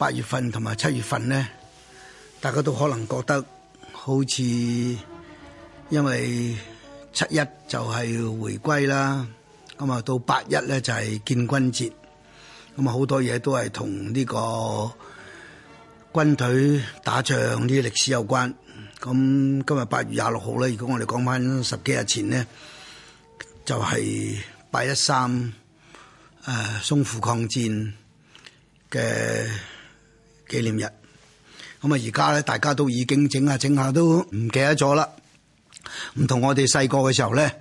八月份同埋七月份呢，大家都可能覺得好似，因為七一就係回歸啦，咁啊到八一呢，就係建軍節，咁好多嘢都係同呢個軍隊打仗啲歷史有關。咁今日八月廿六號呢，如果我哋講翻十幾日前呢，就係八一三誒淞滬抗戰嘅紀念日，咁啊！而家咧，大家都已經整下整下都唔記得咗啦。唔同我哋細個嘅時候咧，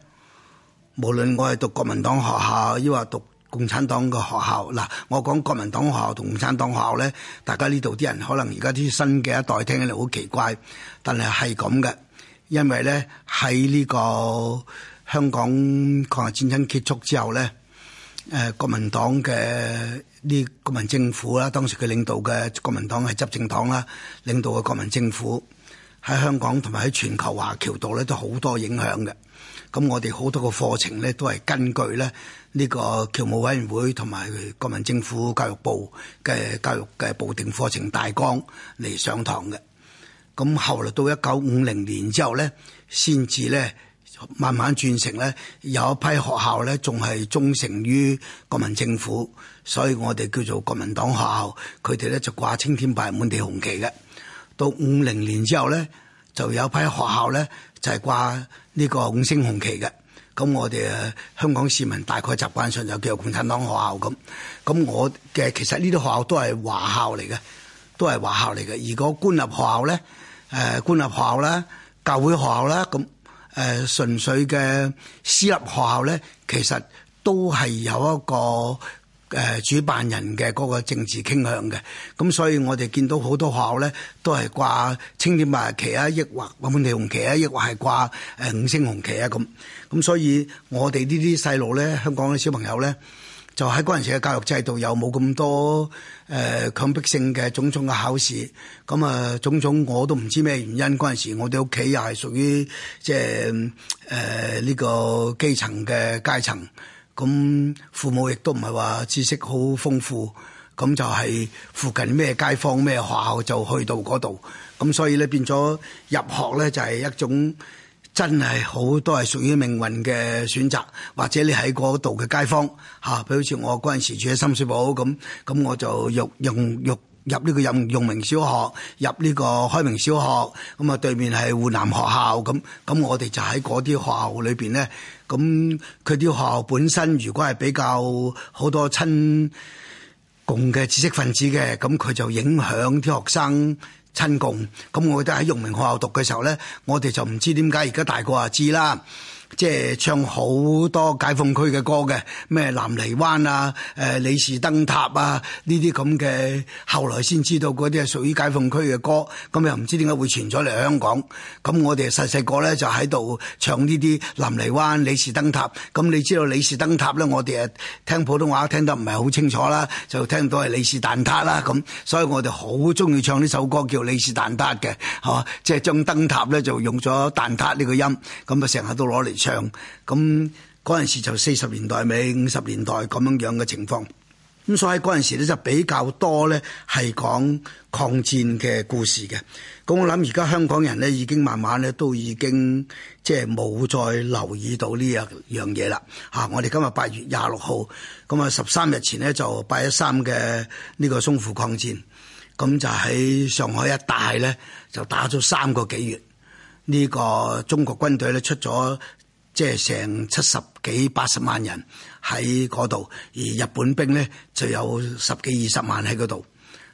無論我係讀國民黨學校，抑或讀共產黨嘅學校，嗱，我講國民黨學校同共產黨學校咧，大家呢度啲人可能而家啲新嘅一代聽起嚟好奇怪，但係係咁嘅，因為咧喺呢個香港抗日戰爭結束之後咧。誒國民黨嘅呢國民政府啦，當時佢領導嘅國民黨係執政黨啦，領導嘅國民政府喺香港同埋喺全球華僑度咧都好多影響嘅。咁我哋好多個課程咧都係根據咧呢個僑務委員會同埋國民政府教育部嘅教育嘅部定課程大綱嚟上堂嘅。咁後嚟到一九五零年之後咧，先至咧。慢慢轉成咧，有一批學校咧，仲係忠誠於國民政府，所以我哋叫做國民黨學校，佢哋咧就掛青天白日滿地紅旗嘅。到五零年之後咧，就有一批學校咧就係掛呢個五星紅旗嘅。咁我哋香港市民大概習慣上就叫做共產黨學校咁。咁我嘅其實呢啲學校都係華校嚟嘅，都係華校嚟嘅。如果官立學校咧，誒官立學校啦、教會學校啦咁。誒、呃、純粹嘅私立學校咧，其實都係有一個誒、呃、主辦人嘅嗰個政治傾向嘅，咁、嗯、所以我哋見到好多學校咧，都係掛青天白日旗啊，抑或掛本地紅旗啊，抑或係掛誒五星紅旗啊，咁、嗯、咁，所以我哋呢啲細路咧，香港嘅小朋友咧。就喺嗰陣時嘅教育制度又冇咁多誒、呃、強迫性嘅種種嘅考試，咁、嗯、啊種種我都唔知咩原因。嗰陣時我哋屋企又係屬於即係誒呢個基層嘅階層，咁、嗯、父母亦都唔係話知識好豐富，咁、嗯、就係、是、附近咩街坊咩學校就去到嗰度，咁、嗯、所以咧變咗入學咧就係一種。真係好多係屬於命運嘅選擇，或者你喺嗰度嘅街坊嚇，譬如好似我嗰陣時住喺深水埗咁，咁我就入入，入入呢個任容明小學，入呢個開明小學，咁啊對面係湖南學校，咁咁我哋就喺嗰啲學校裏邊咧，咁佢啲學校本身如果係比較好多親共嘅知識分子嘅，咁佢就影響啲學生。親共咁，我覺得喺育明學校讀嘅時候咧，我哋就唔知點解，而家大個啊知啦。即係唱好多解放區嘅歌嘅，咩南泥灣啊、誒李氏燈塔啊呢啲咁嘅，後來先知道嗰啲係屬於解放區嘅歌，咁又唔知點解會傳咗嚟香港。咁我哋細細個咧就喺度唱呢啲南泥灣李氏燈塔。咁你知道李氏燈塔咧，我哋誒聽普通話聽得唔係好清楚啦，就聽到係李氏蛋撻啦咁。所以我哋好中意唱呢首歌叫李氏蛋撻嘅，吓，即係將燈塔咧就用咗蛋撻呢個音，咁啊成日都攞嚟。唱咁，嗰陣時就四十年代尾、五十年代咁樣樣嘅情況，咁所以嗰陣時咧就比較多咧係講抗戰嘅故事嘅。咁我諗而家香港人咧已經慢慢咧都已經即係冇再留意到呢一樣嘢啦嚇。我哋今日八月廿六號，咁啊十三日前呢就八一三嘅呢個淞滬抗戰，咁就喺上海一帶咧就打咗三個幾月，呢個中國軍隊咧出咗。即係成七十幾八十萬人喺嗰度，而日本兵咧就有十幾二十萬喺嗰度。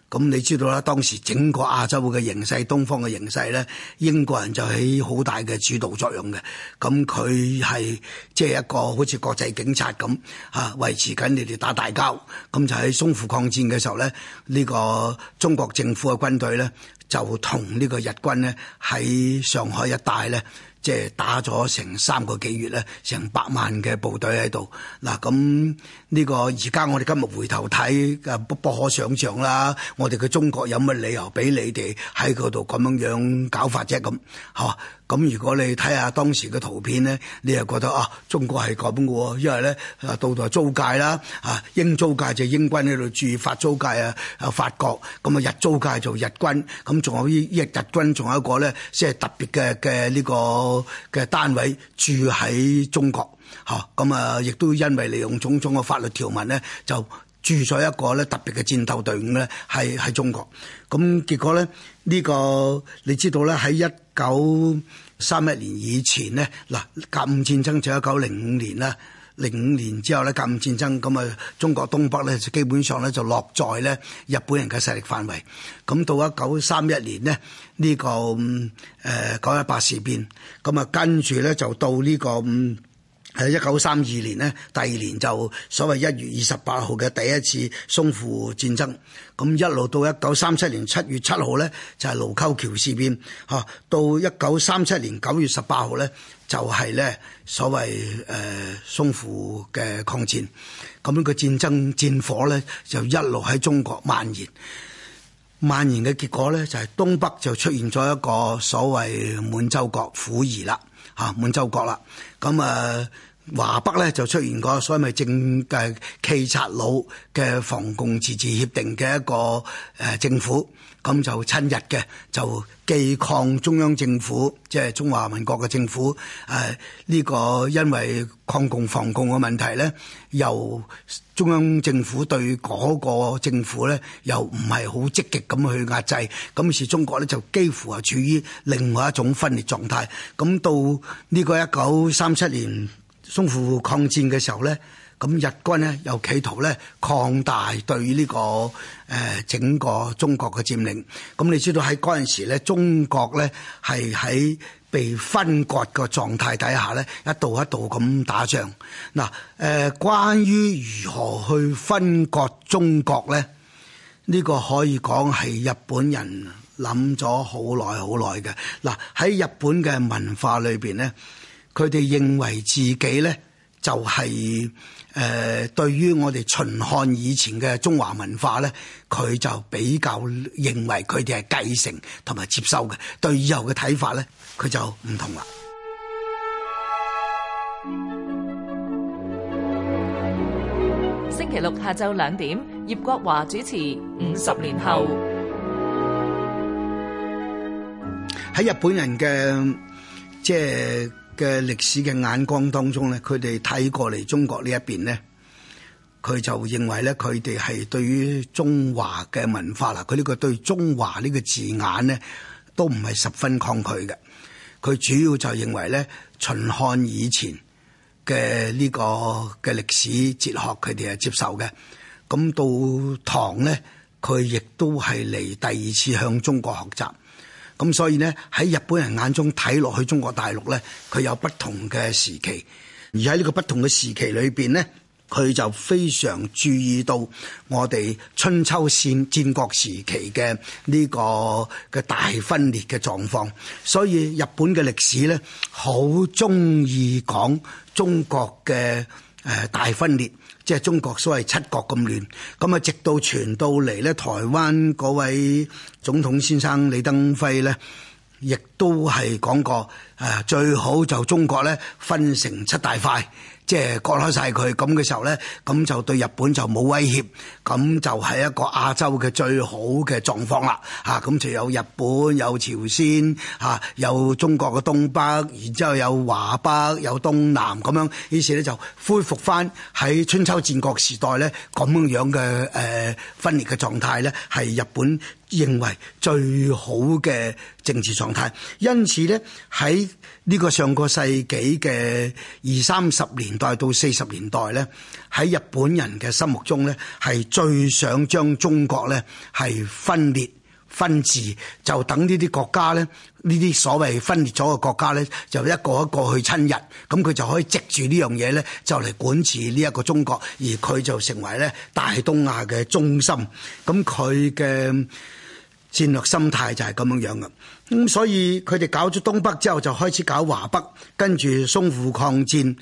咁你知道啦，當時整個亞洲嘅形勢、東方嘅形勢咧，英國人就起好大嘅主導作用嘅。咁佢係即係一個好似國際警察咁嚇、啊、維持緊你哋打大交。咁就喺淞滬抗戰嘅時候咧，呢個中國政府嘅軍隊咧就同呢個日軍咧喺上海一帶咧。即係打咗成三個幾月咧，成百萬嘅部隊喺度嗱，咁呢個而家我哋今日回頭睇，誒不，不可想像啦！我哋嘅中國有乜理由俾你哋喺嗰度咁樣樣搞法啫？咁吓。咁如果你睇下當時嘅圖片咧，你又覺得啊，中國係咁嘅，因為咧，到度租界啦，啊，英租界就英軍喺度駐，法租界啊，啊法國，咁、嗯、啊日租界就日軍，咁、嗯、仲有依依日軍仲有一個咧，即、就、係、是、特別嘅嘅呢個嘅單位住喺中國，嚇，咁啊，亦、嗯嗯、都因為利用種種嘅法律條文咧，就。住咗一個咧特別嘅戰鬥隊伍咧，係喺中國。咁結果咧，呢個你知道咧，喺一九三一年以前咧，嗱，甲午戰爭就一九零五年啦。零五年之後咧，甲午戰爭咁啊，中國東北咧就基本上咧就落在咧日本人嘅勢力範圍。咁到一九三一年呢，呢個誒九一八事變，咁啊跟住咧就到呢個。嗯喺一九三二年呢，第二年就所謂一月二十八號嘅第一次淞滬戰爭，咁一路到一九三七年七月七號呢，就係、是、盧溝橋事變，嚇、啊，到一九三七年九月十八號呢，就係、是、呢所謂誒淞滬嘅抗戰，咁樣個戰爭戰火呢，就一路喺中國蔓延，蔓延嘅結果呢，就係、是、東北就出現咗一個所謂滿洲國溥儀啦。吓滿、啊、洲國啦，咁啊華北咧就出現過所謂咪政嘅冀察佬嘅防共自治協定嘅一個誒、呃、政府。咁就親日嘅，就既抗中央政府，即係中華民國嘅政府。誒、啊、呢、這個因為抗共、防共嘅問題咧，由中央政府對嗰個政府咧，又唔係好積極咁去壓制。咁於是中國咧就幾乎係處於另外一種分裂狀態。咁到呢個一九三七年淞滬抗戰嘅時候咧。咁日軍咧又企圖咧擴大對呢、這個誒、呃、整個中國嘅佔領。咁、嗯、你知道喺嗰陣時咧，中國咧係喺被分割嘅狀態底下咧，一度一度咁打仗。嗱、呃、誒，關於如何去分割中國咧，呢、這個可以講係日本人諗咗好耐好耐嘅。嗱、呃、喺日本嘅文化裏邊咧，佢哋認為自己咧就係、是。誒對於我哋秦漢以前嘅中華文化咧，佢就比較認為佢哋係繼承同埋接收嘅，對以後嘅睇法咧，佢就唔同啦。星期六下晝兩點，葉國華主持《五十年後》年後。喺日本人嘅即係。嘅歷史嘅眼光當中咧，佢哋睇過嚟中國呢一邊咧，佢就認為咧，佢哋係對於中華嘅文化啦，佢呢個對中華呢個字眼咧，都唔係十分抗拒嘅。佢主要就認為咧，秦漢以前嘅呢個嘅歷史哲學，佢哋係接受嘅。咁到唐咧，佢亦都係嚟第二次向中國學習。咁所以呢，喺日本人眼中睇落去中國大陸呢，佢有不同嘅時期，而喺呢個不同嘅時期裏邊呢，佢就非常注意到我哋春秋戰戰國時期嘅呢個嘅大分裂嘅狀況。所以日本嘅歷史呢，好中意講中國嘅誒大分裂。即係中國所謂七國咁亂，咁啊直到傳到嚟咧，台灣嗰位總統先生李登輝咧，亦都係講過，誒最好就中國咧分成七大塊。即係割開晒佢，咁嘅時候咧，咁就對日本就冇威脅，咁就係一個亞洲嘅最好嘅狀況啦。嚇、啊，咁就有日本、有朝鮮、嚇、啊，有中國嘅東北，然之後有華北、有東南咁樣，於是咧就恢復翻喺春秋戰國時代咧咁樣嘅誒、呃、分裂嘅狀態咧，係日本認為最好嘅政治狀態，因此呢，喺呢個上個世紀嘅二三十年代到四十年代呢，喺日本人嘅心目中呢，係最想將中國呢係分裂分治，就等呢啲國家呢，呢啲所謂分裂咗嘅國家呢就一個一個去親日，咁佢就可以藉住呢樣嘢呢就嚟管治呢一個中國，而佢就成為呢大東亞嘅中心。咁佢嘅戰略心態就係咁樣樣嘅，咁、嗯、所以佢哋搞咗東北之後，就開始搞華北，跟住淞滬抗戰。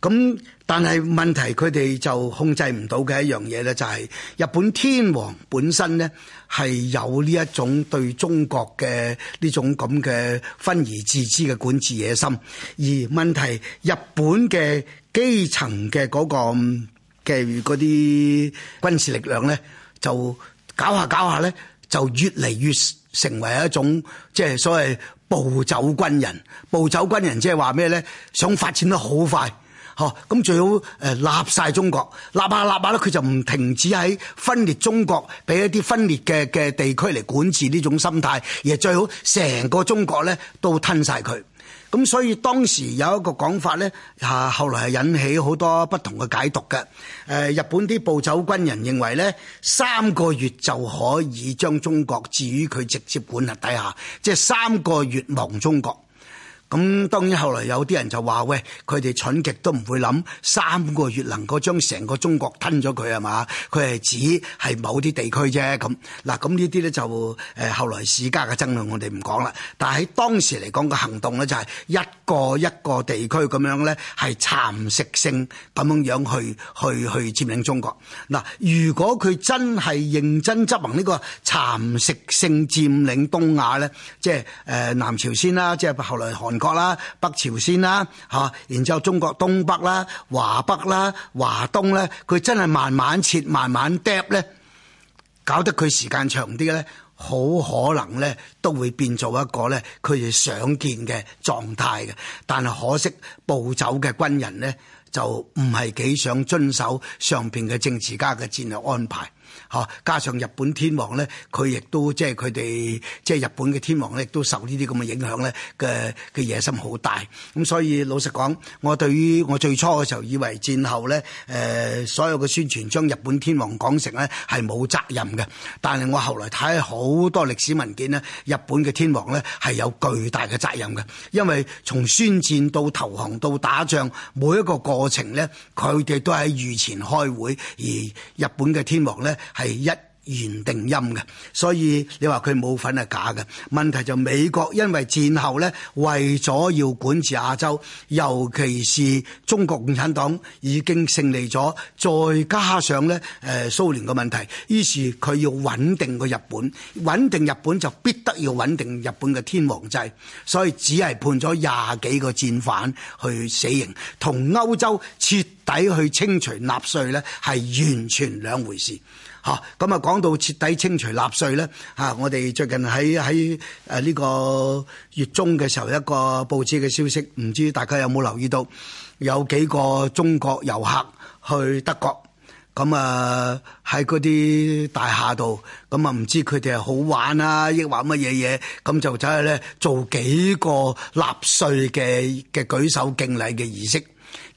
咁但係問題，佢哋就控制唔到嘅一樣嘢咧，就係日本天皇本身咧係有呢一種對中國嘅呢種咁嘅分而治之嘅管治野心。而問題日本嘅基層嘅嗰、那個嘅嗰啲軍事力量咧，就搞下搞下咧。就越嚟越成為一種即係所謂暴走軍人，暴走軍人即係話咩咧？想發展得好快，嗬！咁最好誒立晒中國，立下立下咧，佢就唔停止喺分裂中國，俾一啲分裂嘅嘅地區嚟管治呢種心態，而最好成個中國咧都吞晒佢。咁所以當時有一個講法咧，嚇後來係引起好多不同嘅解讀嘅。誒，日本啲暴走軍人認為咧，三個月就可以將中國置於佢直接管轄底下，即係三個月亡中國。咁當然，後來有啲人就話喂，佢哋蠢極都唔會諗三個月能夠將成個中國吞咗佢係嘛？佢係指係某啲地區啫。咁嗱，咁呢啲咧就誒後來史家嘅爭論我哋唔講啦。但係喺當時嚟講嘅行動咧，就係一個一個地區咁樣咧，係蠶食性咁樣樣去去去佔領中國嗱，如果佢真係認真執行呢個蠶食性占領東亞咧，即係誒、呃、南朝鮮啦，即係後來韓。國啦，北朝鮮啦，吓，然之後中國東北啦、華北啦、華東咧，佢真係慢慢切、慢慢 drop 咧，搞得佢時間長啲咧，好可能咧都會變做一個咧佢哋想見嘅狀態嘅，但係可惜暴走嘅軍人呢，就唔係幾想遵守上邊嘅政治家嘅戰略安排。啊、加上日本天皇呢，佢亦都即係佢哋，即係日本嘅天皇咧，都受呢啲咁嘅影響呢嘅嘅野心好大。咁所以老實講，我對於我最初嘅時候以為戰後呢誒、呃、所有嘅宣傳將日本天皇講成呢係冇責任嘅，但係我後來睇好多歷史文件呢，日本嘅天皇呢係有巨大嘅責任嘅，因為從宣戰到投降到打仗每一個過程呢，佢哋都喺御前開會，而日本嘅天皇呢。係一言定音嘅，所以你話佢冇份係假嘅。問題就美國因為戰後呢，為咗要管治亞洲，尤其是中國共產黨已經勝利咗，再加上呢誒蘇聯嘅問題，於是佢要穩定個日本，穩定日本就必得要穩定日本嘅天皇制，所以只係判咗廿幾個戰犯去死刑，同歐洲徹底去清除納粹呢，係完全兩回事。嚇！咁啊，講到徹底清除納粹咧嚇，我哋最近喺喺誒呢個月中嘅時候一個報紙嘅消息，唔知大家有冇留意到？有幾個中國遊客去德國，咁啊喺嗰啲大廈度，咁啊唔知佢哋係好玩啦，啊，抑或乜嘢嘢？咁、嗯、就走去咧做幾個納粹嘅嘅舉手敬禮嘅儀式，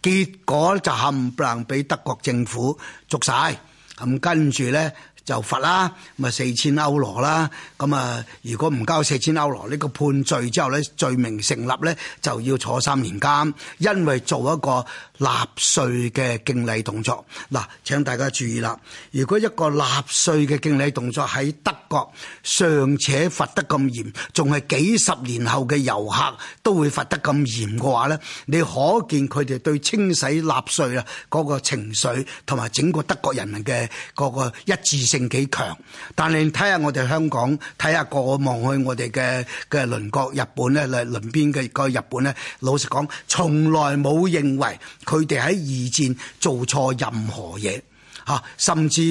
結果就冚唪唥俾德國政府捉晒。咁跟住呢，就罰啦，咁啊四千歐羅啦，咁啊如果唔交四千歐羅，呢個判罪之後咧，罪名成立咧就要坐三年監，因為做一個納粹嘅敬禮動作。嗱，請大家注意啦，如果一個納粹嘅敬禮動作喺德國尚且罰得咁嚴，仲係幾十年後嘅遊客都會罰得咁嚴嘅話咧，你可見佢哋對清洗納粹啊個情緒同埋整個德國人民嘅個一致性。性幾強，但係睇下我哋香港，睇下個個望去我哋嘅嘅鄰國日本咧，鄰鄰邊嘅個日本咧，老實講，從來冇認為佢哋喺二戰做錯任何嘢嚇、啊，甚至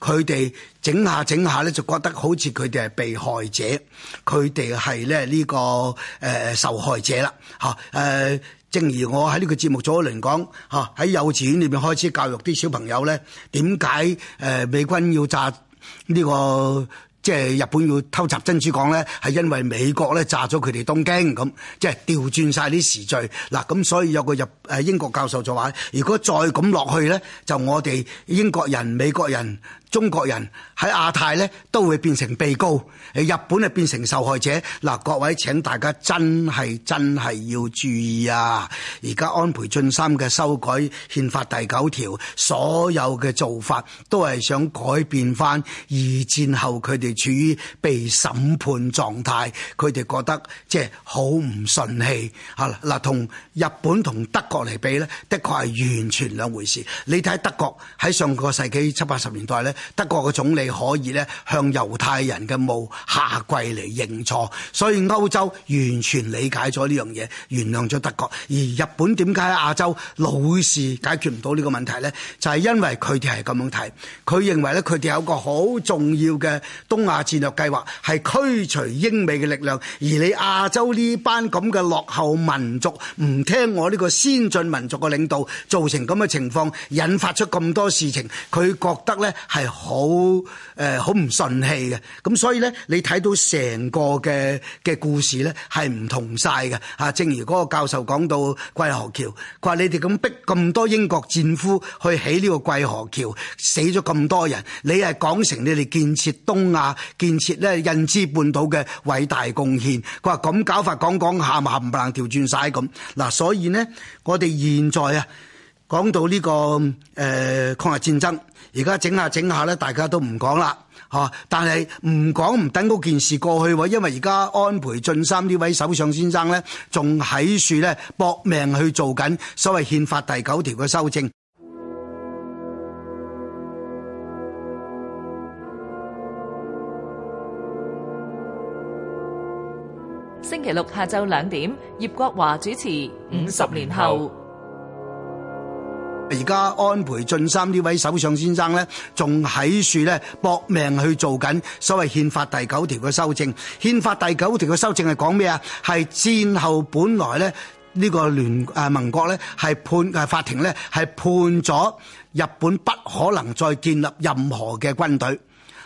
佢哋整下整下咧，就覺得好似佢哋係被害者，佢哋係咧呢個誒、呃、受害者啦嚇誒。啊呃正如我喺呢個節目咗一輪講，吓喺幼稚園裏邊開始教育啲小朋友咧，點解誒美軍要炸呢、這個即係日本要偷襲珍珠港咧？係因為美國咧炸咗佢哋東京咁，即係調轉晒啲時序。嗱咁所以有個日誒英國教授就話：如果再咁落去咧，就我哋英國人、美國人。中國人喺亞太咧都會變成被告，誒日本誒變成受害者。嗱，各位請大家真係真係要注意啊！而家安倍晉三嘅修改憲法第九條，所有嘅做法都係想改變返二戰後佢哋處於被審判狀態，佢哋覺得即係好唔順氣嚇。嗱、嗯，同日本同德國嚟比呢，的確係完全兩回事。你睇德國喺上個世紀七八十年代呢。德國嘅總理可以咧向猶太人嘅墓下跪嚟認錯，所以歐洲完全理解咗呢樣嘢，原諒咗德國，而日本點解喺亞洲老是解決唔到呢個問題咧？就係因為佢哋係咁樣睇，佢認為咧佢哋有個好重要嘅東亞戰略計劃，係驅除英美嘅力量。而你亞洲呢班咁嘅落後民族唔聽我呢個先進民族嘅領導，造成咁嘅情況，引發出咁多事情。佢覺得咧係。好誒，好唔順氣嘅，咁所以咧，你睇到成個嘅嘅故事咧，係唔同曬嘅嚇。正如嗰個教授講到，桂河橋，佢話你哋咁逼咁多英國戰俘去起呢個桂河橋，死咗咁多人，你係講成你哋建設東亞、建設咧印支半島嘅偉大貢獻。佢話咁搞法，講講下冚冚唪唥調轉曬咁。嗱，所以咧，我哋現在啊，講到呢個誒抗日戰爭。而家整下整下咧，大家都唔講啦，嚇！但係唔講唔等嗰件事過去喎，因為而家安倍晉三呢位首相先生咧，仲喺度咧搏命去做緊所謂憲法第九條嘅修正。星期六下晝兩點，葉國華主持《五十年後》五十年後，而家安倍晉三呢位首相先生咧，仲喺處咧搏命去做緊所謂憲法第九條嘅修正。憲法第九條嘅修正係講咩啊？係戰後本來咧呢、呢個聯誒、呃、盟國咧係判誒法庭咧係判咗日本不可能再建立任何嘅軍隊。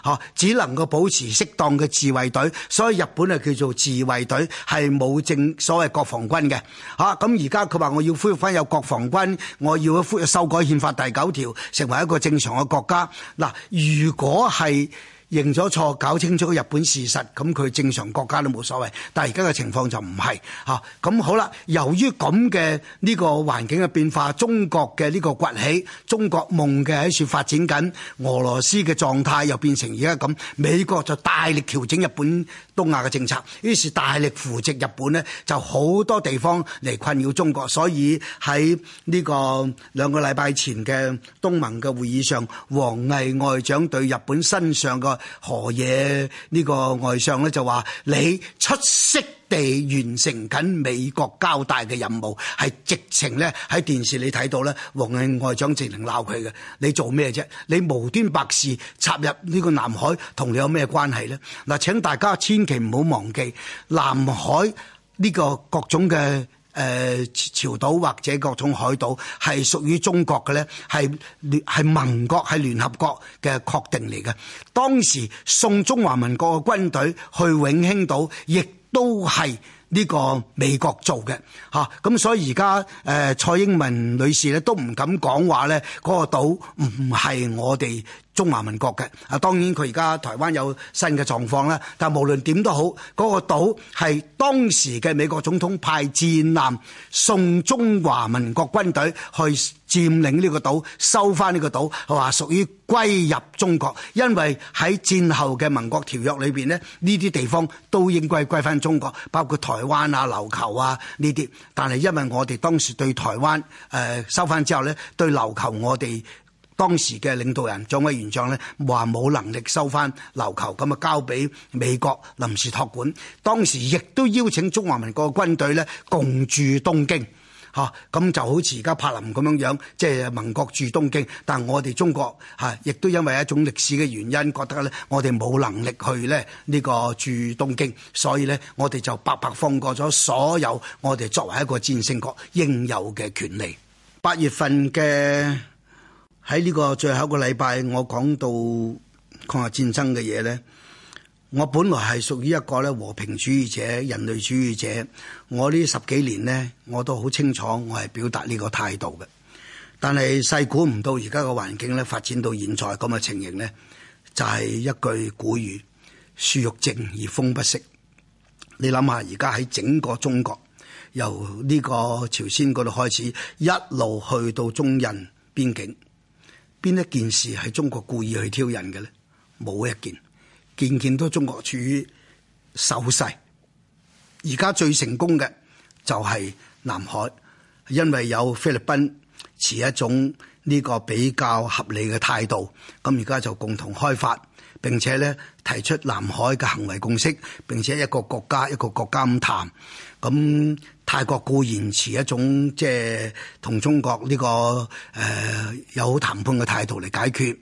吓，只能夠保持適當嘅自衛隊，所以日本係叫做自衛隊，係冇正所謂國防軍嘅吓。咁而家佢話我要恢復返有國防軍，我要修改憲法第九條，成為一個正常嘅國家。嗱、啊，如果係，認咗錯，搞清楚日本事實，咁佢正常國家都冇所謂，但係而家嘅情況就唔係吓，咁、啊嗯、好啦，由於咁嘅呢個環境嘅變化，中國嘅呢個崛起，中國夢嘅喺處發展緊，俄羅斯嘅狀態又變成而家咁，美國就大力調整日本東亞嘅政策，於是大力扶植日本咧，就好多地方嚟困擾中國，所以喺呢個兩個禮拜前嘅東盟嘅會議上，王毅外長對日本身上個～何嘢？呢個外相咧就話，你出色地完成緊美國交代嘅任務，係直情咧喺電視你睇到咧，王毅外長直情鬧佢嘅，你做咩啫？你無端白事插入呢個南海，同你有咩關係咧？嗱，請大家千祈唔好忘記南海呢個各種嘅。誒朝島或者各種海島係屬於中國嘅咧，係聯係盟國係聯合國嘅確定嚟嘅。當時送中華民國嘅軍隊去永興島，亦都係呢個美國做嘅嚇。咁所以而家誒蔡英文女士咧都唔敢講話咧，嗰個島唔係我哋。中華民國嘅啊，當然佢而家台灣有新嘅狀況啦。但無論點都好，嗰個島係當時嘅美國總統派戰艦送中華民國軍隊去佔領呢個島，收翻呢個島，係話屬於歸入中國。因為喺戰後嘅盟國條約裏邊呢，呢啲地方都應該歸翻中國，包括台灣啊、琉球啊呢啲。但係因為我哋當時對台灣誒收翻之後呢，對琉球我哋。當時嘅領導人蔣委員長呢，話冇能力收翻琉球，咁啊交俾美國臨時託管。當時亦都邀請中華民國軍隊呢，共駐東京，嚇、啊、咁就好似而家柏林咁樣樣，即係盟國駐東京。但係我哋中國係亦、啊、都因為一種歷史嘅原因，覺得呢，我哋冇能力去呢呢個駐東京，所以呢，我哋就白白放過咗所有我哋作為一個戰勝國應有嘅權利。八月份嘅。喺呢個最後一個禮拜，我講到抗日戰爭嘅嘢呢。我本來係屬於一個咧和平主義者、人類主義者。我呢十幾年呢，我都好清楚我係表達呢個態度嘅。但係細估唔到而家個環境咧發展到現在咁嘅情形呢，就係一句古語：樹欲靜而風不息。你諗下，而家喺整個中國，由呢個朝鮮嗰度開始，一路去到中印邊境。邊一件事係中國故意去挑釁嘅咧？冇一件，件件都中國處於守勢。而家最成功嘅就係南海，因為有菲律賓持一種呢個比較合理嘅態度，咁而家就共同開發，並且咧提出南海嘅行為共識，並且一個國家一個國家咁談，咁。泰國固然持一種即係同中國呢、這個誒、呃、有談判嘅態度嚟解決，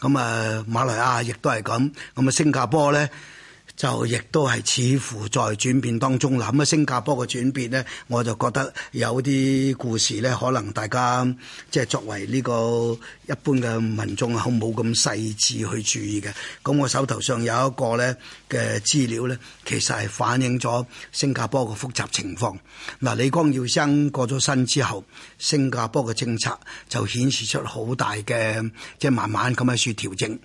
咁啊馬來亞亦都係咁，咁啊新加坡咧。就亦都係似乎在轉變當中啦。咁、嗯、啊，新加坡嘅轉變咧，我就覺得有啲故事咧，可能大家即係作為呢個一般嘅民眾，好冇咁細緻去注意嘅。咁、嗯、我手頭上有一個咧嘅資料咧，其實，係反映咗新加坡嘅複雜情況，嗱、嗯，李光耀先生過咗身之後，新加坡嘅政策就顯示出好大嘅即係慢慢咁樣去調整。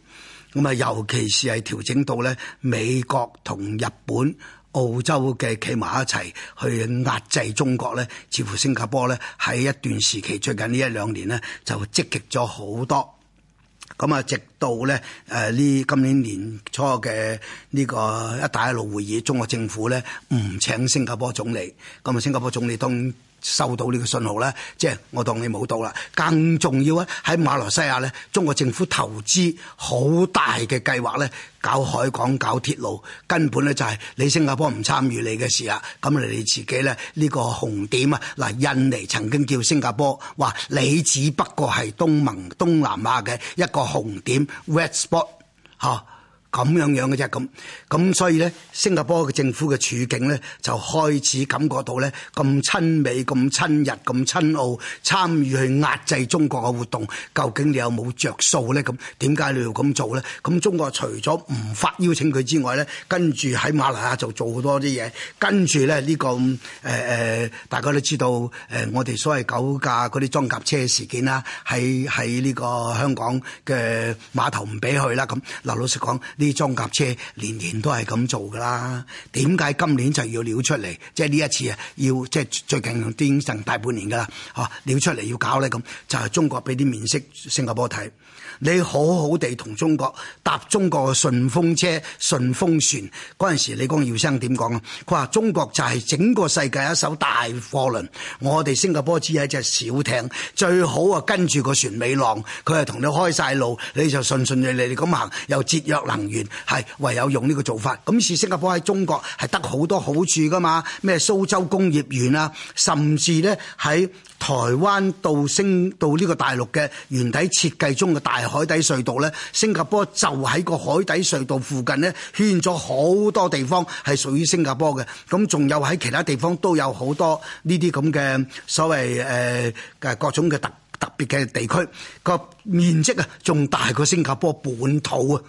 咁啊，尤其是係調整到咧，美國同日本、澳洲嘅企埋一齊去壓制中國咧，似乎新加坡咧喺一段時期，最近呢一兩年呢就積極咗好多。咁啊，直到咧誒呢今年年初嘅呢個「一帶一路」會議，中國政府咧唔請新加坡總理，咁啊，新加坡總理當。收到呢個信號咧，即、就、係、是、我當你冇到啦。更重要咧，喺馬來西亞咧，中國政府投資好大嘅計劃咧，搞海港、搞鐵路，根本咧就係你新加坡唔參與你嘅事啊。咁你哋自己咧呢個紅點啊，嗱，印尼曾經叫新加坡話你，只不過係東盟東南亞嘅一個紅點 w e d spot） r、啊、嚇。咁樣樣嘅啫，咁咁所以咧，新加坡嘅政府嘅處境咧，就開始感覺到咧，咁親美、咁親日、咁親澳，參與去壓制中國嘅活動，究竟你有冇着數咧？咁點解你要咁做咧？咁中國除咗唔發邀請佢之外咧，跟住喺馬來亞就做好多啲嘢，跟住咧呢個誒誒、呃，大家都知道誒、呃，我哋所謂九架嗰啲裝甲車事件啦，喺喺呢個香港嘅碼頭唔俾去啦。咁嗱，老實講。啲裝甲車年年都係咁做噶啦，點解今年就要撩出嚟？即係呢一次啊，要即係最近堅成大半年噶啦吓，撩、啊、出嚟要搞咧咁，就係中國俾啲面色新加坡睇。你好好地同中國搭中國嘅順風車、順風船嗰陣時，李光耀生點講啊？佢話中國就係整個世界一艘大貨輪，我哋新加坡只係一隻小艇，最好啊跟住個船尾浪，佢係同你開晒路，你就順順利利咁行，又節約能源，係唯有用呢個做法。咁是新加坡喺中國係得好多好處噶嘛？咩蘇州工業園啊，甚至呢喺。台灣到升到呢個大陸嘅原體設計中嘅大海底隧道咧，新加坡就喺個海底隧道附近咧，圈咗好多地方係屬於新加坡嘅。咁仲有喺其他地方都有好多呢啲咁嘅所謂誒嘅各種嘅特特別嘅地區，個面積啊仲大過新加坡本土啊！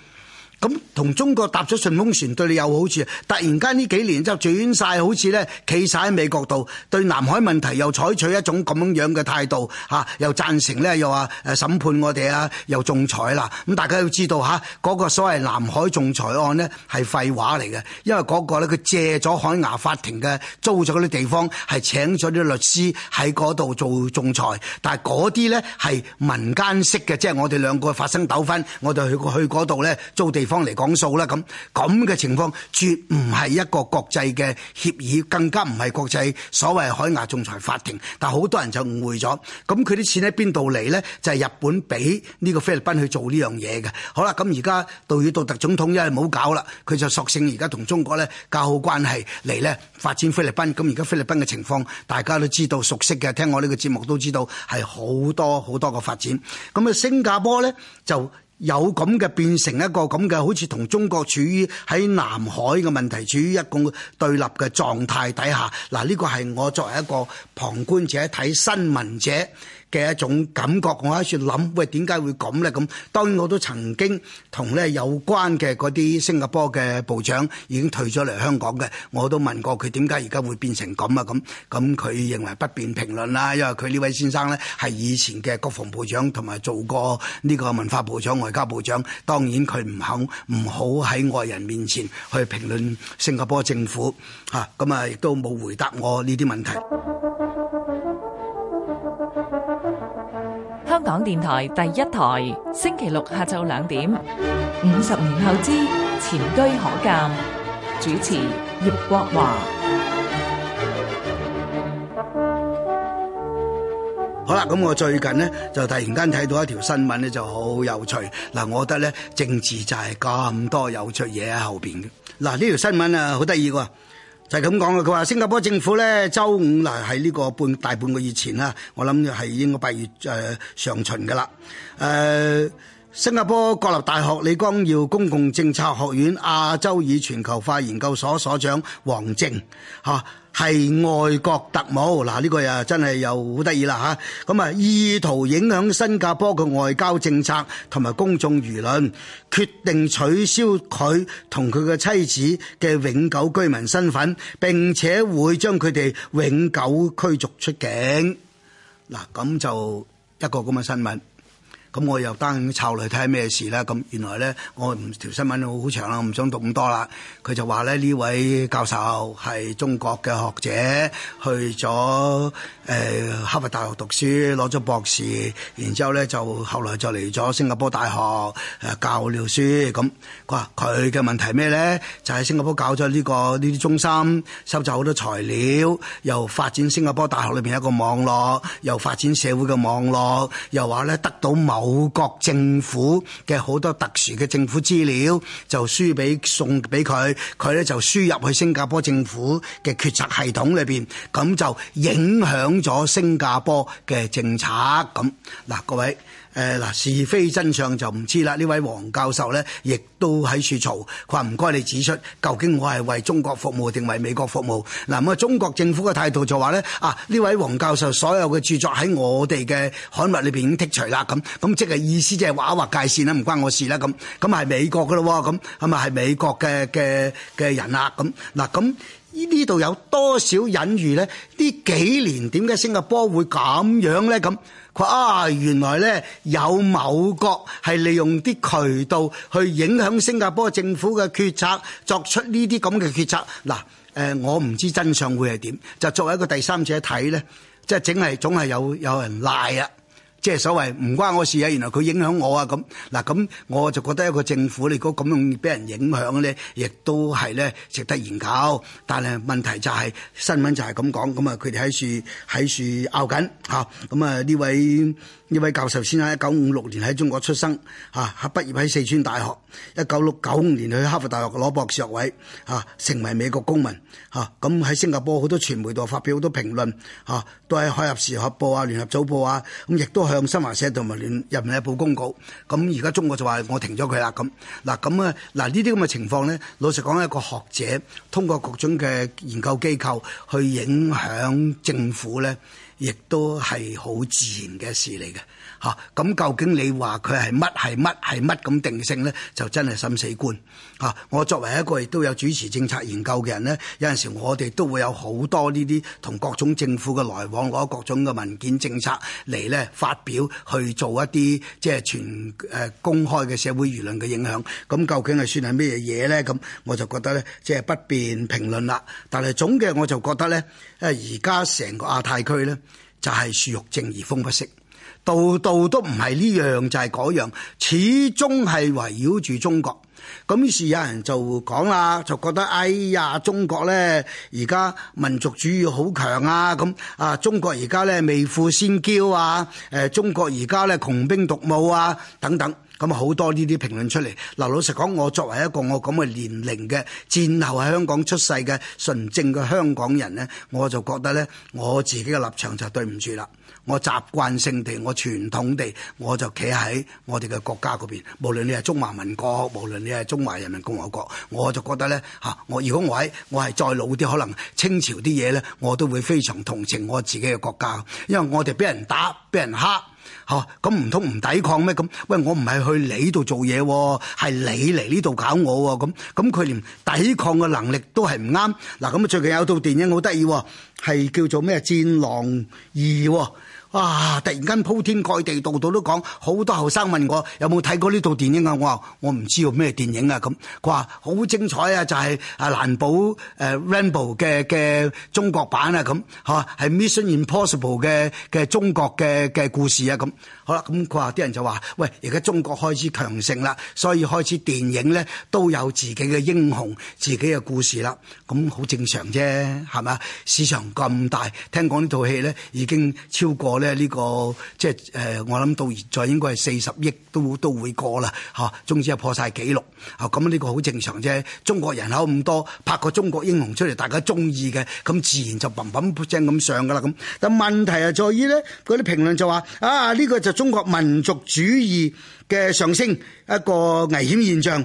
咁同中國搭咗順風船對你有好處，突然間呢幾年就轉晒好似咧企晒喺美國度，對南海問題又採取一種咁樣樣嘅態度，吓又贊成咧，又話誒審判我哋啊，又仲裁啦。咁大家要知道吓，嗰個所謂南海仲裁案咧係廢話嚟嘅，因為嗰個咧佢借咗海牙法庭嘅租咗啲地方，係請咗啲律師喺度做仲裁，但係啲咧係民間式嘅，即係我哋兩個發生糾紛，我哋去去度咧租地。方嚟講數啦，咁咁嘅情況絕唔係一個國際嘅協議，更加唔係國際所謂海牙仲裁法庭。但係好多人就誤會咗，咁佢啲錢喺邊度嚟呢？就係日本俾呢個菲律賓去做呢樣嘢嘅。好啦，咁而家杜爾杜特總統一係冇搞啦，佢就索性而家同中國呢搞好關係嚟呢發展菲律賓。咁而家菲律賓嘅情況大家都知道熟悉嘅，聽我呢個節目都知道係好多好多個發展。咁啊，新加坡呢就。有咁嘅變成一個咁嘅，好似同中國處於喺南海嘅問題處於一個對立嘅狀態底下。嗱，呢個係我作為一個旁觀者睇新聞者嘅一種感覺，我喺度諗，喂，點解會咁呢？咁當然我都曾經同咧有關嘅嗰啲新加坡嘅部長已經退咗嚟香港嘅，我都問過佢點解而家會變成咁啊？咁咁佢認為不便評論啦，因為佢呢位先生呢係以前嘅國防部長，同埋做過呢個文化部長、外交部長，當然佢唔肯唔好喺外人面前去評論新加坡政府嚇，咁啊亦都冇回答我呢啲問題。香港電台第一台，星期六下晝兩點。五十年後之前車可鑑，主持葉國華。嗯、好啦，咁、嗯、我最近呢，就突然間睇到一條新聞咧，就好有趣。嗱，我覺得咧，政治就係咁多有趣嘢喺後邊嘅。嗱、嗯，呢、嗯、條新聞啊，好得意噶。就係咁講嘅。佢話新加坡政府咧，周五嗱喺呢個半大半個月前啦，我諗係應該八月誒、呃、上旬噶啦。誒、呃，新加坡國立大學李光耀公共政策學院亞洲以全球化研究所所、所長黃靖嚇。啊係外國特務，嗱呢個又真係又好得意啦嚇，咁啊意圖影響新加坡嘅外交政策同埋公眾輿論，決定取消佢同佢嘅妻子嘅永久居民身份，並且會將佢哋永久驅逐出境。嗱，咁就一個咁嘅新聞。咁我又單抄嚟睇下咩事啦。咁原來咧，我條新聞好長啦，我唔想讀咁多啦。佢就話咧，呢位教授係中國嘅學者，去咗誒、呃、哈佛大學讀書，攞咗博士。然之後咧，就後來就嚟咗新加坡大學誒、呃、教料書。咁佢話佢嘅問題咩咧？就喺、係、新加坡搞咗呢、呢個呢啲中心，收集好多材料，又發展新加坡大學裏邊一個網絡，又發展社會嘅網絡，又話咧得到某。某國政府嘅好多特殊嘅政府資料就輸給給，就輸俾送俾佢，佢咧就輸入去新加坡政府嘅決策系統裏邊，咁就影響咗新加坡嘅政策。咁嗱，各位。誒、嗱，是非真相就唔知啦！呢位黃教授咧，亦都喺處嘈，佢話唔該你指出，究竟我係為中國服務定為美國服務？嗱咁啊，中國政府嘅態度就話咧啊，呢位黃教授所有嘅著作喺我哋嘅刊物裏邊已經剔除啦，咁咁即係意思即係畫一畫界線啦，唔關我事啦，咁咁係美國噶咯喎，咁咁咪係美國嘅嘅嘅人啦，咁嗱咁呢度有多少隱喻咧？呢幾年點解新加坡會咁樣咧？咁啊，原來咧有某國係利用啲渠道去影響新加坡政府嘅決策，作出呢啲咁嘅決策。嗱，誒、呃、我唔知真相會係點，就作為一個第三者睇咧，即係整係總係有有人賴啊。即係所謂唔關我事啊！原來佢影響我啊咁嗱咁，我就覺得一個政府，你如果咁容易俾人影響咧，亦都係咧值得研究。但係問題就係、是、新聞就係咁講咁啊，佢哋喺樹喺樹拗緊吓咁啊，呢位呢位教授先生一九五六年喺中國出生嚇，畢、啊、業喺四川大學一九六九五年去哈佛大學攞博士學位啊，成為美國公民嚇。咁、啊、喺新加坡好多傳媒度發表好多評論啊，都喺《開合時合報啊，《聯合早報啊，咁亦都係。.向新華社同埋聯入面咧報公告，咁而家中國就話我停咗佢啦咁。嗱咁啊，嗱呢啲咁嘅情況咧，老實講，一個學者通過各種嘅研究機構去影響政府咧，亦都係好自然嘅事嚟嘅。咁、啊、究竟你話佢係乜係乜係乜咁定性呢？就真係審死官。嚇、啊！我作為一個亦都有主持政策研究嘅人呢，有陣時我哋都會有好多呢啲同各種政府嘅來往，攞各種嘅文件、政策嚟咧發表，去做一啲即係全誒、呃、公開嘅社會輿論嘅影響。咁、啊、究竟係算係咩嘢嘢咧？咁我就覺得呢，即、就、係、是、不便評論啦。但係總嘅我就覺得呢，誒而家成個亞太區呢，就係樹欲靜而風不息。度度都唔係呢樣就係嗰樣，始終係圍繞住中國。咁於是有人就講啦，就覺得哎呀，中國呢而家民族主義好強啊！咁啊，中國而家呢未富先驕啊！誒，中國而家呢窮兵黷武啊！等等，咁好多呢啲評論出嚟。嗱，老實講，我作為一個我咁嘅年齡嘅戰後喺香港出世嘅純正嘅香港人呢，我就覺得呢，我自己嘅立場就對唔住啦。我習慣性地，我傳統地，我就企喺我哋嘅國家嗰邊。無論你係中華民國，無論你係中華人民共和國，我就覺得咧嚇。我如果我喺我係再老啲，可能清朝啲嘢咧，我都會非常同情我自己嘅國家，因為我哋俾人打，俾人蝦。嚇咁唔通唔抵抗咩？咁喂，我唔係去你度做嘢喎，係你嚟呢度搞我喎。咁咁佢連抵抗嘅能力都係唔啱。嗱咁最近有套電影好得意，係叫做咩《戰狼二》。哇、啊！突然間鋪天蓋地，度度都講，好多後生問我有冇睇過呢套電,電影啊？我話我唔知道咩電影啊咁。佢話好精彩啊，就係、是、啊蘭保誒 Ramble 嘅嘅中國版啊咁，吓係、啊、Mission Impossible 嘅嘅中國嘅嘅故事啊咁。好啦，咁佢話啲人就話：喂，而家中國開始強盛啦，所以開始電影咧都有自己嘅英雄、自己嘅故事啦。咁好正常啫，係咪啊？市場咁大，聽講呢套戲咧已經超過咧。呢個即係誒，我諗到現在應該係四十億都都會過啦嚇，總之係破晒紀錄。啊，咁呢個好正常啫。中國人口咁多，拍個中國英雄出嚟，大家中意嘅，咁自然就嘭嘭聲咁上噶啦咁。但問題係在於咧，嗰啲評論就話啊，呢個就中國民族主義嘅上升一個危險現象。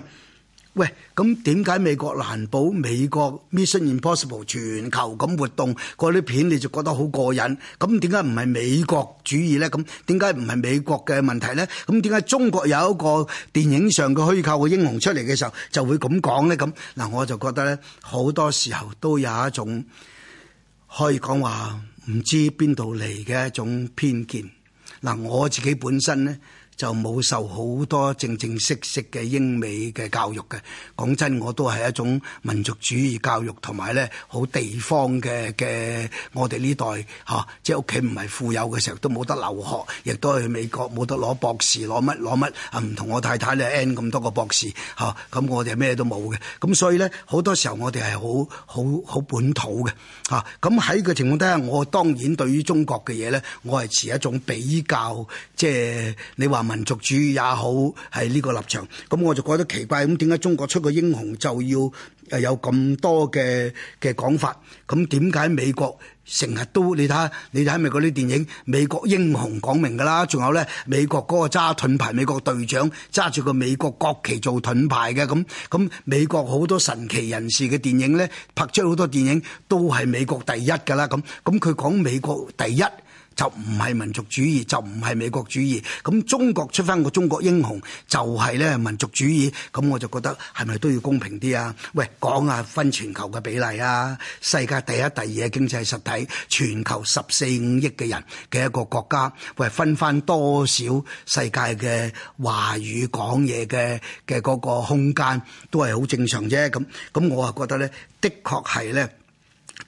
喂，咁點解美國藍保美國 Mission Impossible 全球咁活動嗰啲片你就覺得好過癮？咁點解唔係美國主義咧？咁點解唔係美國嘅問題咧？咁點解中國有一個電影上嘅虛構嘅英雄出嚟嘅時候就會咁講咧？咁嗱，我就覺得咧，好多時候都有一種可以講話唔知邊度嚟嘅一種偏見。嗱，我自己本身咧。就冇受好多正正式式嘅英美嘅教育嘅，講真我都係一種民族主義教育同埋咧好地方嘅，嘅我哋呢代吓、啊、即係屋企唔係富有嘅時候都冇得留學，亦都係去美國冇得攞博士攞乜攞乜啊，唔同我太太咧 n 咁多個博士吓咁、啊、我哋咩都冇嘅，咁所以咧好多時候我哋係好好好本土嘅吓咁，喺個情況底下，我當然對於中國嘅嘢咧，我係持一種比較即係、就是、你話。民族主義也好，係呢個立場，咁我就覺得奇怪，咁點解中國出個英雄就要誒有咁多嘅嘅講法？咁點解美國成日都你睇下，你睇下咪嗰啲電影？美國英雄講明㗎啦，仲有咧美國嗰個揸盾牌，美國隊長揸住個美國國旗做盾牌嘅，咁咁美國好多神奇人士嘅電影咧，拍出好多電影都係美國第一㗎啦，咁咁佢講美國第一。就唔係民族主義，就唔係美國主義。咁中國出翻個中國英雄，就係咧民族主義。咁我就覺得係咪都要公平啲啊？喂，講下分全球嘅比例啊！世界第一、第二嘅經濟實體，全球十四五億嘅人嘅一個國家，喂，分翻多少世界嘅話語講嘢嘅嘅嗰個空間，都係好正常啫。咁咁，我啊覺得呢，的確係呢，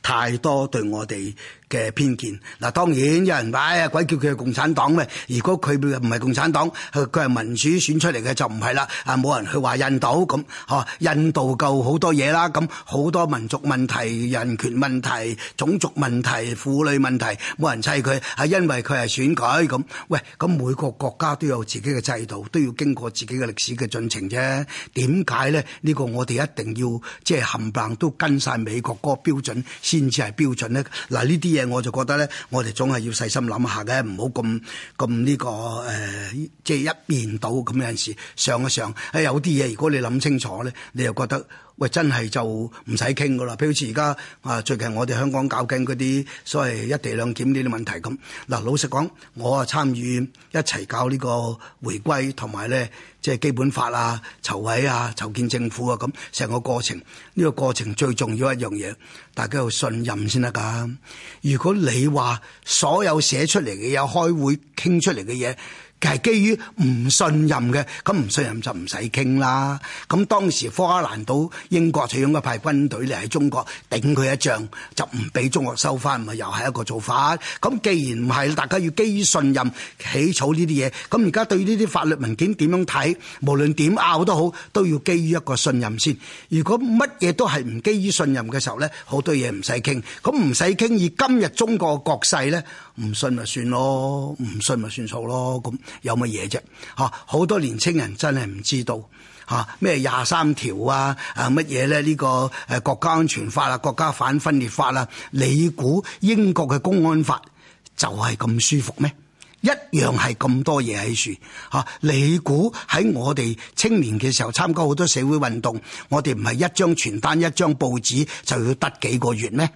太多對我哋嘅偏見嗱，當然有人話、哎，鬼叫佢係共產黨咩？如果佢唔係共產黨，佢佢係民主選出嚟嘅就唔係啦。啊，冇人去話印度咁，嚇、啊，印度夠好多嘢啦，咁好多民族問題、人權問題、種族問題、婦女問題，冇人砌佢，係、啊、因為佢係選舉咁。喂，咁每個國家都有自己嘅制度，都要經過自己嘅歷史嘅進程啫。點解咧？呢、呢個我哋一定要即係冚唪唥都跟晒美國嗰個標準先至係標準咧。嗱、啊，呢啲嘢。我就覺得咧，我哋總係要細心諗下嘅，唔好咁咁呢個誒，即、呃、係、就是、一面倒咁樣有陣時上一上，誒，有啲嘢如果你諗清楚咧，你又覺得。喂，真係就唔使傾噶啦！譬如似而家啊，最近我哋香港搞緊嗰啲所謂一地兩檢呢啲問題咁。嗱，老實講，我啊參與一齊搞呢個回歸同埋咧，即係基本法啊、籌委啊、籌建政府啊咁成個過程。呢個過程最重要一樣嘢，大家要信任先得噶。如果你話所有寫出嚟嘅嘢、開會傾出嚟嘅嘢，係基於唔信任嘅，咁唔信任就唔使傾啦。咁當時科克蘭島英國，就應該派軍隊嚟喺中國頂佢一仗，就唔俾中國收翻，咪又係一個做法。咁既然唔係，大家要基於信任起草呢啲嘢。咁而家對呢啲法律文件點樣睇？無論點拗都好，都要基於一個信任先。如果乜嘢都係唔基於信任嘅時候咧，好多嘢唔使傾。咁唔使傾，以今日中國嘅國勢咧，唔信咪算咯，唔信咪算數咯，咁。有乜嘢啫？嚇、啊，好多年青人真係唔知道嚇，咩廿三條啊，啊乜嘢咧？呢、呢個誒國家安全法啊，國家反分裂法啊，你估英國嘅公安法就係咁舒服咩？一樣係咁多嘢喺樹嚇，你估喺我哋青年嘅時候參加好多社會運動，我哋唔係一張傳單、一張報紙就要得幾個月咩？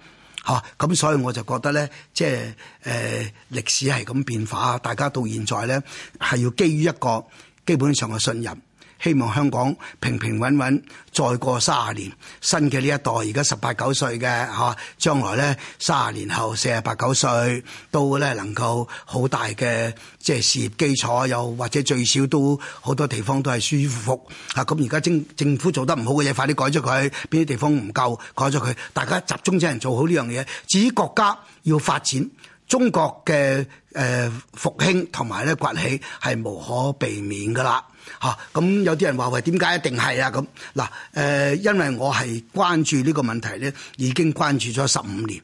吓，咁、啊、所以我就覺得咧，即係誒歷史係咁變化，大家到現在咧係要基於一個基本上嘅信任。希望香港平平穩穩再過三十年，新嘅呢一代而家十八九歲嘅吓，將來咧三十年後四十八九歲都咧能夠好大嘅即係事業基礎，又或者最少都好多地方都係舒舒服服嚇。咁而家政政府做得唔好嘅嘢，快啲改咗佢；邊啲地方唔夠改咗佢。大家集中啲人做好呢樣嘢。至於國家要發展，中國嘅誒復興同埋咧崛起係無可避免噶啦。嚇！咁、啊、有啲人話喂，點解一定係啊？咁嗱，誒、呃，因為我係關注呢個問題咧，已經關注咗十五年，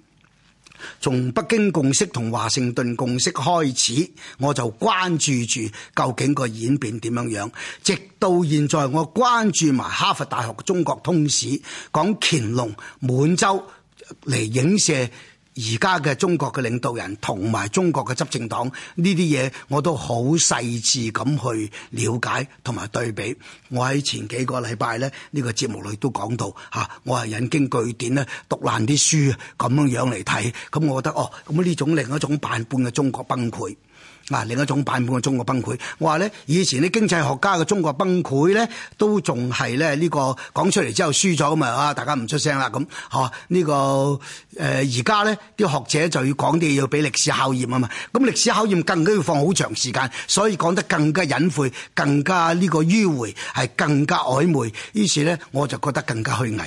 從北京共識同華盛頓共識開始，我就關注住究竟個演變點樣樣，直到現在，我關注埋哈佛大學中國通史講乾隆滿洲嚟影射。而家嘅中國嘅領導人同埋中國嘅執政黨呢啲嘢，我都好細緻咁去了解同埋對比。我喺前幾個禮拜咧，呢個節目裏都講到嚇、啊，我係引經據典咧，讀爛啲書咁樣樣嚟睇，咁我覺得哦，咁呢種另一種版本嘅中國崩潰。嗱、啊，另一種版本嘅中國崩潰，我話咧，以前啲經濟學家嘅中國崩潰咧，都仲係咧呢個講出嚟之後輸咗咁嘛啊，大家唔出聲啦咁，嗬？啊這個呃、呢個誒而家咧啲學者就要講啲嘢，要俾歷史考驗啊嘛，咁歷史考驗更加要放好長時間，所以講得更加隱晦，更加呢個迂迴，係更加曖昧，於是咧我就覺得更加虛偽。